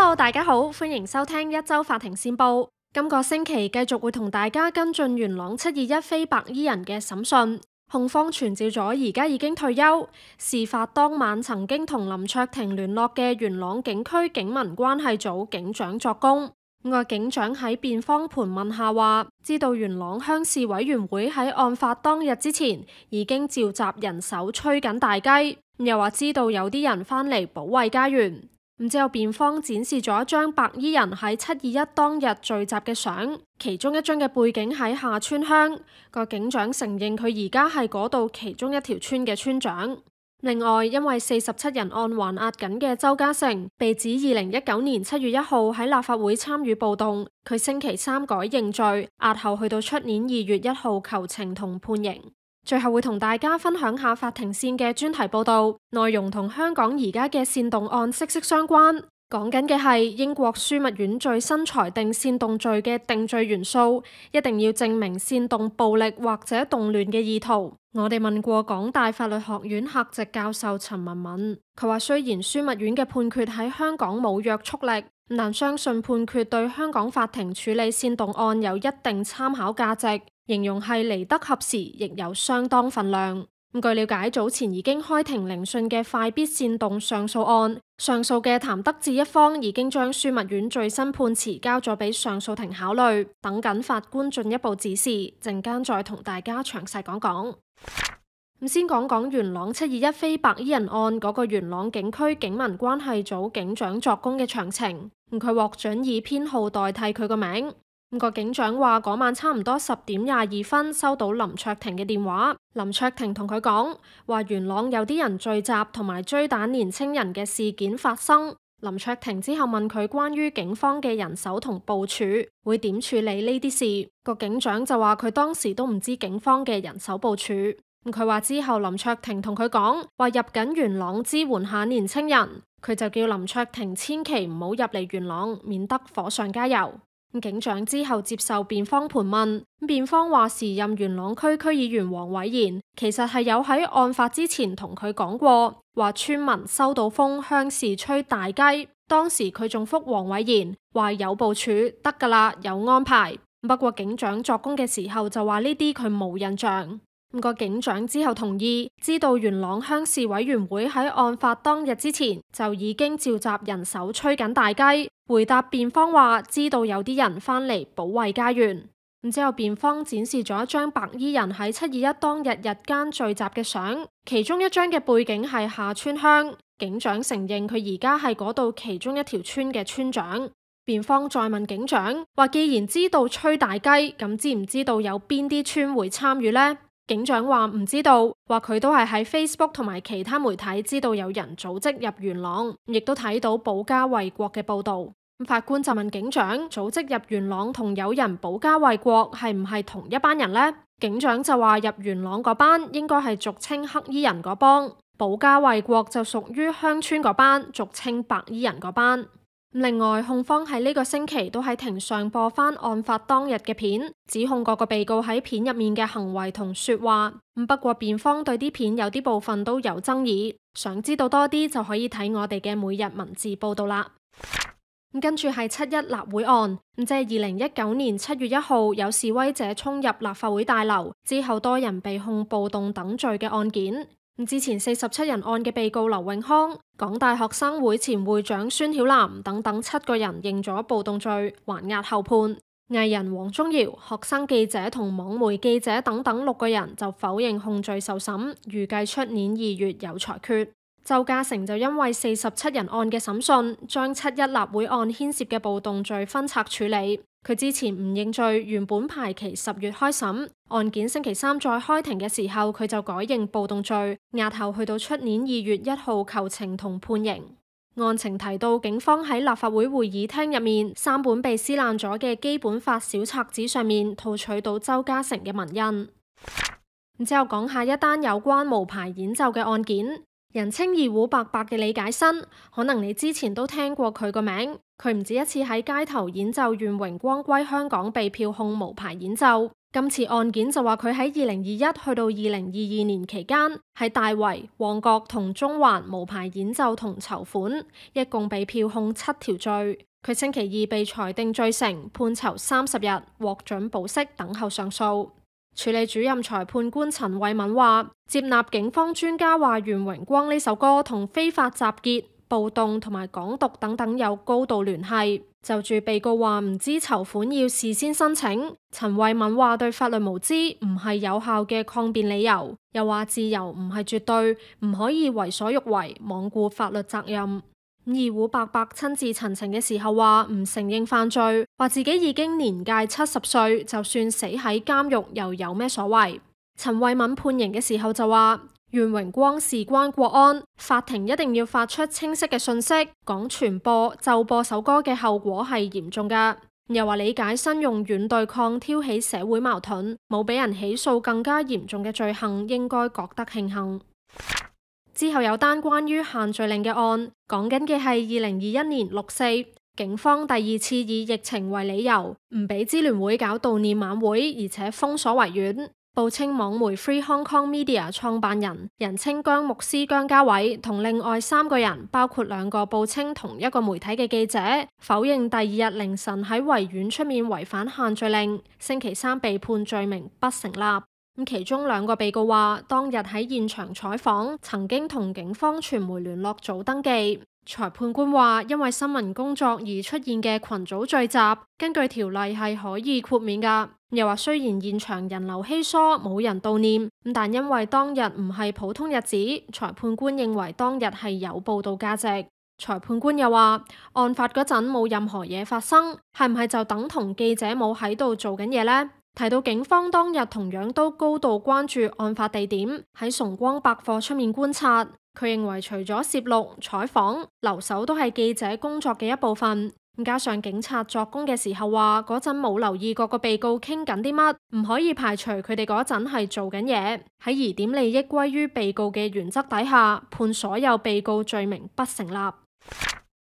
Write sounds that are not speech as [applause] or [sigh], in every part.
Hello 大家好，歡迎收聽一周法庭線報。今個星期繼續會同大家跟進元朗七二一非白衣人嘅審訊，控方傳召咗而家已經退休、事發當晚，曾經同林卓廷聯絡嘅元朗警區警民關係組警長作供，外警長喺辯方盤問下話，知道元朗鄉事委員會喺案發當日之前已經召集人手吹緊大雞，又話知道有啲人返嚟保衛家園。唔知有辯方展示咗一張白衣人喺七二一當日聚集嘅相，其中一張嘅背景喺廈村鄉。個警長承認佢而家係嗰度其中一條村嘅村長。另外，因為四十七人案還押緊嘅鄒家成被指二零一九年七月一號喺立法會參與暴動，佢星期三改認罪，押後去到出年二月一號求情同判刑。最後會同大家分享下法庭線嘅專題報道，內容同香港而家嘅煽動案息息相關。講緊嘅係英國樞密院最新裁定煽動罪嘅定罪元素，一定要證明煽動暴力或者動亂嘅意圖。我哋問過港大法律學院客席教授陳文敏，佢話雖然樞密院嘅判決喺香港冇約束力。唔難相信判決對香港法庭處理煽動案有一定參考價值，形容係嚟得合時，亦有相當份量。咁據了解，早前已經開庭聆訊嘅快必煽動上訴案，上訴嘅譚德志一方已經將樞密院最新判詞交咗俾上訴庭考慮，等緊法官進一步指示，陣間再同大家詳細講講。咁先講講元朗七二一非白衣人案嗰個元朗警區警民關係組警長作供嘅詳情。咁佢獲准以編號代替佢個名。咁、個警長話：嗰晚差唔多十點廿二分收到林卓廷嘅電話，林卓廷同佢講話元朗有啲人聚集同埋追打年青人嘅事件發生。林卓廷之後問佢關於警方嘅人手同部署會點處理呢啲事，個警長就話佢當時都唔知警方嘅人手部署。佢話之後，林卓廷同佢講話入緊元朗支援下年青人，佢就叫林卓廷千祈唔好入嚟元朗，免得火上加油。警長之後接受辯方盤問，辯方話時任元朗區區議員黃偉賢其實係有喺案發之前同佢講過，話村民收到風鄉事吹大雞，當時佢仲復黃偉賢話有部署得㗎喇，有安排。不過警長作供嘅時候就話呢啲佢冇印象。個警長之後同意知道元朗鄉事委員會喺案發當日之前就已經召集人手吹緊大雞，回答辯方話知道有啲人返嚟保衛家園。咁之後辯方展示咗一張白衣人喺七二一當日日間聚集嘅相，其中一張嘅背景係廈村鄉。警長承認佢而家係嗰度其中一條村嘅村長。辯方再問警長話，既然知道吹大雞，咁知唔知道有邊啲村會參與呢？警長話唔知道，話佢都係喺 Facebook 同埋其他媒體知道有人組織入元朗，亦都睇到保家衛國嘅報道。法官就問警長：組織入元朗同有人保家衛國係唔係同一班人呢？警長就話：入元朗嗰班應該係俗稱黑衣人嗰幫，保家衛國就屬於鄉村嗰班，俗稱白衣人嗰班。另外，控方喺呢個星期都喺庭上播翻案發當日嘅片，指控各個被告喺片入面嘅行為同說話。不過，辯方對啲片有啲部分都有爭議。想知道多啲就可以睇我哋嘅每日文字報道啦。跟住係七一立會案，咁即係二零一九年七月一號有示威者衝入立法會大樓，之後多人被控暴動等罪嘅案件。之前四十七人案嘅被告劉頴匡、港大學生會前會長孫曉嵐等等七個人認咗暴動罪，還押候判。藝人王宗堯、學生記者同網媒記者等等六個人就否認控罪受審，預計出年二月有裁決。鄒家成就因為四十七人案嘅審訊，將七一立會案牽涉嘅暴動罪分拆處理。佢之前唔認罪，原本排期十月開審，案件星期三再開庭嘅時候，佢就改認暴動罪，押後去到出年二月一號求情同判刑。案情提到警方喺立法會會議廳入面，三本被撕爛咗嘅基本法小冊子上面，套取到鄒家成嘅紋印。咁之後講下一單有關無牌演奏嘅案件。人稱二胡伯伯嘅李解新，可能你之前都聽過佢個名。佢唔止一次喺街頭演奏《願榮光歸香港》，被票控無牌演奏。今次案件就話佢喺二零二一去到二零二二年期間，喺大圍、旺角同中環無牌演奏同籌款，一共被票控七條罪。佢星期二被裁定罪成，判囚三十日，獲准保釋等候上訴。處理主任裁判官陳偉敏話：接納警方專家話願榮光呢首歌同非法集結、暴動同埋港獨等等有高度聯繫。就住被告話唔知籌款要事先申請，陳偉敏話對法律無知唔係有效嘅抗辯理由。又話自由唔係絕對，唔可以為所欲為，罔顧法律責任。二胡伯伯親自陳情嘅時候話唔承認犯罪，話自己已經年屆七十歲，就算死喺監獄又有咩所謂？陳慧敏判刑嘅時候就話，願榮光事關國安，法庭一定要發出清晰嘅信息，講傳播就播首歌嘅後果係嚴重噶，又話理解新用軟對抗挑起社會矛盾，冇俾人起訴更加嚴重嘅罪行，應該覺得慶幸。之後有單關於限聚令嘅案，講緊嘅係二零二一年六四，警方第二次以疫情為理由，唔俾支聯會搞悼念晚會，而且封鎖維園。報稱網媒 Free Hong Kong Media 創辦人、人稱姜牧師姜家偉同另外三個人，包括兩個報稱同一個媒體嘅記者，否認第二日凌晨喺維園出面違反限聚令，星期三被判罪名不成立。咁其中兩個被告話，當日喺現場採訪，曾經同警方傳媒聯絡組登記。裁判官話，因為新聞工作而出現嘅群組聚集，根據條例係可以豁免噶。又話雖然現場人流稀疏，冇人悼念，但因為當日唔係普通日子，裁判官認為當日係有報道價值。裁判官又話，案發嗰陣冇任何嘢發生，係唔係就等同記者冇喺度做緊嘢呢？提到警方當日同樣都高度關注案發地點喺崇光百貨出面觀察。佢認為除咗攝錄、採訪、留守都係記者工作嘅一部分。加上警察作供嘅時候話嗰陣冇留意各個被告傾緊啲乜，唔可以排除佢哋嗰陣係做緊嘢。喺疑點利益歸於被告嘅原則底下，判所有被告罪名不成立。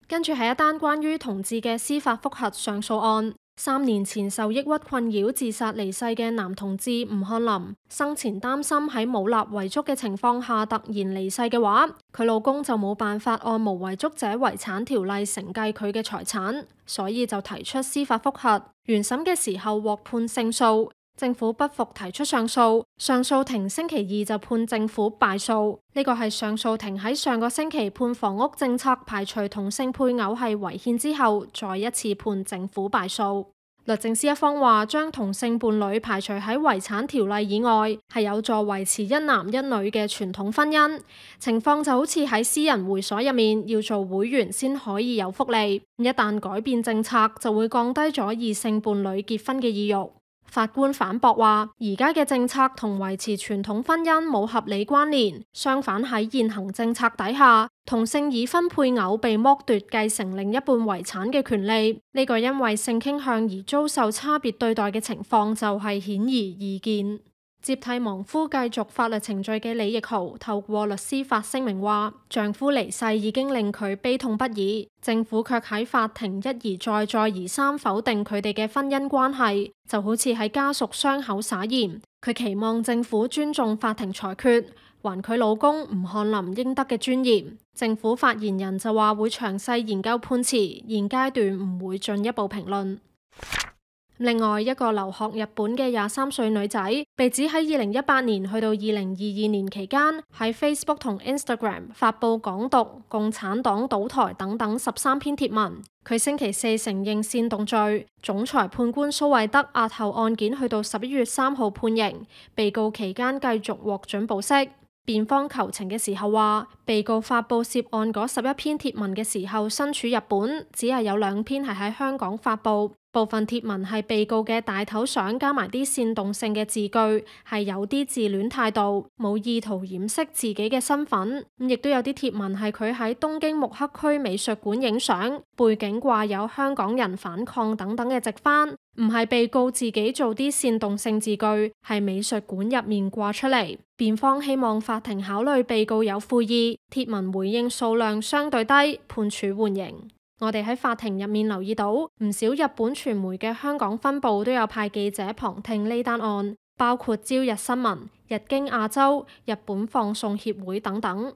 跟住係一單關於同志嘅司法覆核上訴案。三年前受抑鬱困擾自殺離世嘅男同志吳漢林，生前擔心喺冇立遺囑嘅情況下突然離世嘅話，佢老公就冇辦法按《無遺囑者遺產條例》承繼佢嘅財產，所以就提出司法複核。原審嘅時候獲判勝訴。政府不服，提出上訴。上訴庭星期二就判政府敗訴。呢個係上訴庭喺上個星期判房屋政策排除同性配偶係違憲之後，再一次判政府敗訴。律政司一方話，將同性伴侶排除喺遺產條例以外，係有助維持一男一女嘅傳統婚姻。情況就好似喺私人會所入面要做會員先可以有福利，一旦改變政策，就會降低咗異性伴侶結婚嘅意欲。法官反駁話，而家嘅政策同維持傳統婚姻冇合理關聯，相反喺現行政策底下，同性已婚配偶被剝奪繼承另一半遺產嘅權利，呢、這個因為性傾向而遭受差別對待嘅情況就係顯而易見。接替亡夫繼續法律程序嘅李亦豪透過律師發聲明話：丈夫離世已經令佢悲痛不已，政府卻喺法庭一而再再而三否定佢哋嘅婚姻關係，就好似喺家屬傷口撒鹽。佢期望政府尊重法庭裁決，還佢老公吳翰林應得嘅尊嚴。政府發言人就話會詳細研究判詞，現階段唔會進一步評論。另外一個留學日本嘅廿三歲女仔，被指喺二零一八年去到二零二二年期間，喺 Facebook 同 Instagram 發佈港獨、共產黨倒台等等十三篇貼文。佢星期四承認煽動罪。總裁判官蘇惠德押後案件去到十一月三號判刑。被告期間繼續獲准保釋。辯方求情嘅時候話，被告發佈涉案嗰十一篇貼文嘅時候身處日本，只係有兩篇係喺香港發佈。部分貼文係被告嘅大頭相，加埋啲煽動性嘅字句，係有啲自戀態度，冇意圖掩飾自己嘅身份。亦都有啲貼文係佢喺東京目黑區美術館影相，背景掛有香港人反抗等等嘅直幡，唔係被告自己做啲煽動性字句，係美術館入面掛出嚟。辯方希望法庭考慮被告有悔意，貼文回應數量相對低，判處緩刑。我哋喺法庭入面留意到，唔少日本傳媒嘅香港分部都有派記者旁聽呢單案，包括《朝日新聞》、《日經亞洲》、《日本放送協會》等等。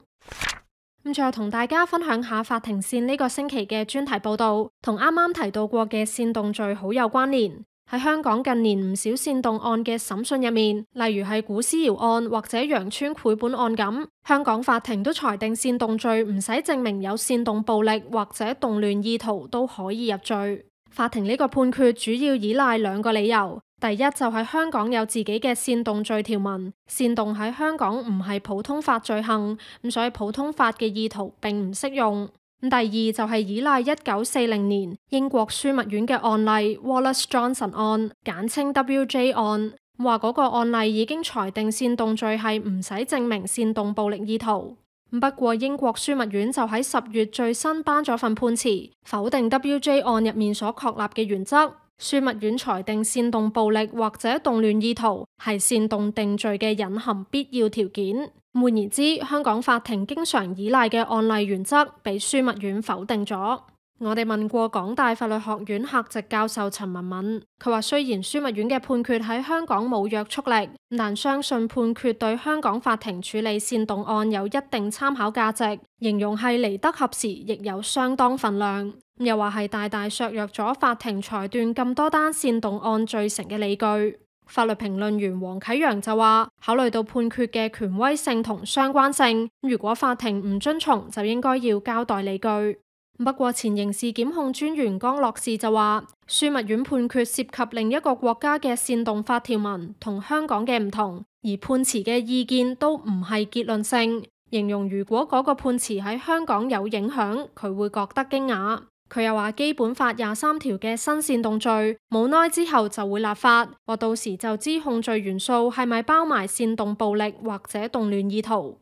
咁再同大家分享下法庭線呢個星期嘅專題報道，同啱啱提到過嘅煽動罪好有關聯。喺香港近年唔少煽動案嘅審訊入面，例如係古思堯案或者羊村繪本案咁，香港法庭都裁定煽動罪唔使證明有煽動暴力或者動亂意圖都可以入罪。法庭呢個判決主要依賴兩個理由，第一就係香港有自己嘅煽動罪條文，煽動喺香港唔係普通法罪行，咁所以普通法嘅意圖並唔適用。第二就係依賴一九四零年英國樞密院嘅案例 Wallace Johnson 案，簡稱 WJ 案，話嗰個案例已經裁定煽動罪係唔使證明煽動暴力意圖。不過英國樞密院就喺十月最新頒咗份判詞，否定 WJ 案入面所確立嘅原則。樞密院裁定煽動暴力或者動亂意圖係煽動定罪嘅隱含必要條件，換言之，香港法庭經常依賴嘅案例原則被樞密院否定咗。我哋問過港大法律學院客席教授陳文敏，佢話雖然樞密院嘅判決喺香港冇約束力，但相信判決對香港法庭處理煽動案有一定參考價值，形容係嚟得合時，亦有相當份量。又話係大大削弱咗法庭裁斷咁多單煽動案罪成嘅理據。法律評論員黃啟陽就話，考慮到判決嘅權威性同相關性，如果法庭唔遵從，就應該要交代理據。不過，前刑事檢控專員江樂士就話，樞密院判決涉及另一個國家嘅煽動法條文同香港嘅唔同，而判詞嘅意見都唔係結論性，形容如果嗰個判詞喺香港有影響，佢會覺得驚訝。佢又話，基本法廿三條嘅新煽動罪冇耐之後就會立法，話到時就知控罪元素係咪包埋煽動暴力或者動亂意圖。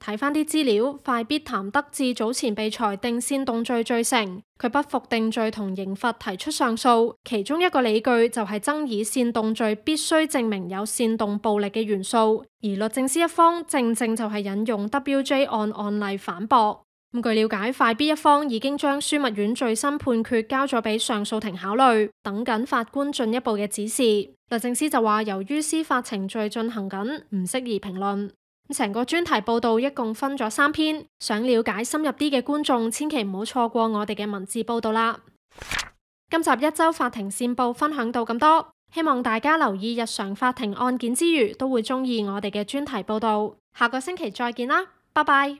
睇翻啲資料，快必譚得志早前被裁定煽動罪罪成，佢不服定罪同刑罰提出上訴，其中一個理據就係爭議煽動罪必須證明有煽動暴力嘅元素，而律政司一方正正就係引用 WJ 案案例反駁。咁據了解，快必一方已經將樞密院最新判決交咗俾上訴庭考慮，等緊法官進一步嘅指示。律政司就話，由於司法程序進行緊，唔適宜評論。咁成個專題報道一共分咗三篇，想了解深入啲嘅觀眾，千祈唔好錯過我哋嘅文字報道啦。 [noise] 今集一周法庭線報分享到咁多，希望大家留意日常法庭案件之餘，都會中意我哋嘅專題報道。下個星期再見啦，拜拜。